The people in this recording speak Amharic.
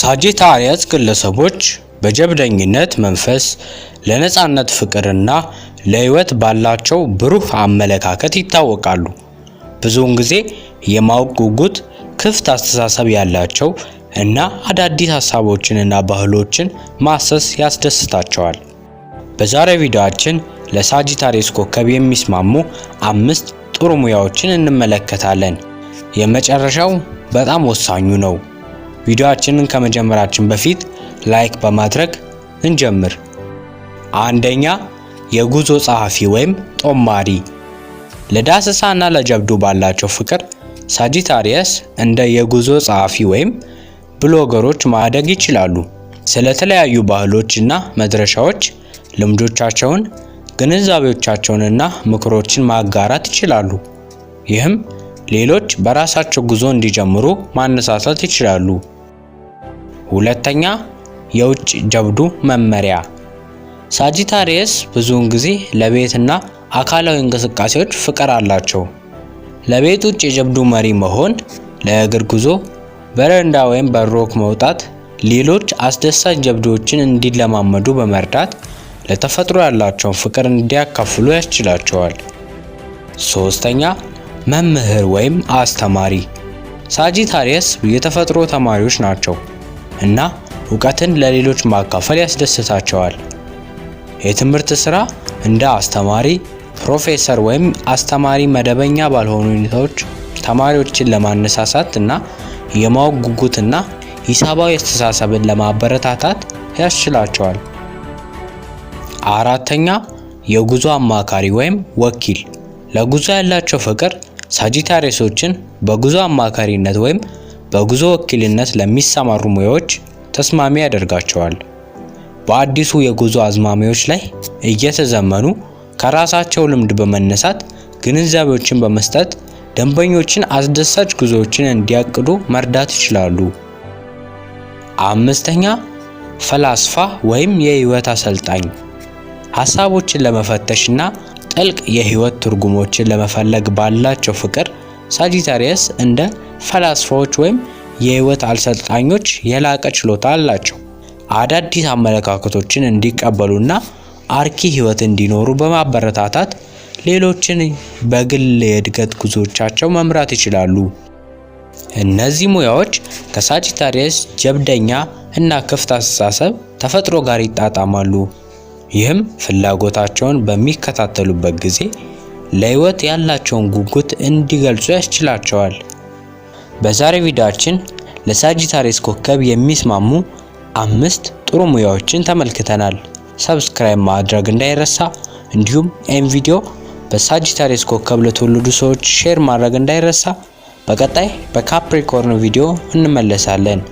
ሳጂታሪያስ ግለሰቦች በጀብደኝነት መንፈስ ለነጻነት ፍቅርና ለህይወት ባላቸው ብሩህ አመለካከት ይታወቃሉ። ብዙውን ጊዜ የማወቅ ጉጉት፣ ክፍት አስተሳሰብ ያላቸው እና አዳዲስ ሀሳቦችንና ባህሎችን ማሰስ ያስደስታቸዋል። በዛሬው ቪዲዮአችን ለሳጂታሪስ ኮከብ የሚስማሙ አምስት ጥሩ ሙያዎችን እንመለከታለን። የመጨረሻው በጣም ወሳኙ ነው። ቪዲዮአችንን ከመጀመራችን በፊት ላይክ በማድረግ እንጀምር። አንደኛ የጉዞ ጸሐፊ ወይም ጦማሪ። ለዳስሳና ለጀብዱ ባላቸው ፍቅር ሳጂታሪየስ እንደ የጉዞ ጸሐፊ ወይም ብሎገሮች ማደግ ይችላሉ። ስለተለያዩ ባህሎችና መድረሻዎች ልምዶቻቸውን፣ ግንዛቤዎቻቸውንና ምክሮችን ማጋራት ይችላሉ። ይህም ሌሎች በራሳቸው ጉዞ እንዲጀምሩ ማነሳሳት ይችላሉ። ሁለተኛ የውጭ ጀብዱ መመሪያ ሳጂታሪየስ ብዙውን ጊዜ ለቤትና አካላዊ እንቅስቃሴዎች ፍቅር አላቸው። ለቤት ውጭ የጀብዱ መሪ መሆን፣ ለእግር ጉዞ፣ በረንዳ ወይም በሮክ መውጣት፣ ሌሎች አስደሳች ጀብዶዎችን እንዲለማመዱ በመርዳት ለተፈጥሮ ያላቸውን ፍቅር እንዲያካፍሉ ያስችላቸዋል። ሶስተኛ መምህር ወይም አስተማሪ ሳጂታሪየስ የተፈጥሮ ተማሪዎች ናቸው። እና እውቀትን ለሌሎች ማካፈል ያስደስታቸዋል። የትምህርት ስራ እንደ አስተማሪ፣ ፕሮፌሰር ወይም አስተማሪ መደበኛ ባልሆኑ ሁኔታዎች ተማሪዎችን ለማነሳሳት እና የማወቅ ጉጉትና ሂሳባዊ አስተሳሰብን ለማበረታታት ያስችላቸዋል። አራተኛ የጉዞ አማካሪ ወይም ወኪል። ለጉዞ ያላቸው ፍቅር ሳጂታሪሶችን በጉዞ አማካሪነት ወይም በጉዞ ወኪልነት ለሚሰማሩ ሙያዎች ተስማሚ ያደርጋቸዋል። በአዲሱ የጉዞ አዝማሚዎች ላይ እየተዘመኑ ከራሳቸው ልምድ በመነሳት ግንዛቤዎችን በመስጠት ደንበኞችን አስደሳች ጉዞዎችን እንዲያቅዱ መርዳት ይችላሉ። አምስተኛ ፈላስፋ ወይም የህይወት አሰልጣኝ ሀሳቦችን ለመፈተሽና ጥልቅ የህይወት ትርጉሞችን ለመፈለግ ባላቸው ፍቅር ሳጂታሪየስ እንደ ፈላስፋዎች ወይም የህይወት አሰልጣኞች የላቀ ችሎታ አላቸው። አዳዲስ አመለካከቶችን እንዲቀበሉና አርኪ ህይወት እንዲኖሩ በማበረታታት ሌሎችን በግል የእድገት ጉዞቻቸው መምራት ይችላሉ። እነዚህ ሙያዎች ከሳጂታሪየስ ጀብደኛ እና ክፍት አስተሳሰብ ተፈጥሮ ጋር ይጣጣማሉ። ይህም ፍላጎታቸውን በሚከታተሉበት ጊዜ ለህይወት ያላቸውን ጉጉት እንዲገልጹ ያስችላቸዋል። በዛሬ ቪዲዮአችን ለሳጂታሪስ ኮከብ የሚስማሙ አምስት ጥሩ ሙያዎችን ተመልክተናል። ሰብስክራይብ ማድረግ እንዳይረሳ፣ እንዲሁም ኤም ቪዲዮ በሳጂታሪስ ኮከብ ለተወለዱ ሰዎች ሼር ማድረግ እንዳይረሳ። በቀጣይ በካፕሪኮርን ቪዲዮ እንመለሳለን።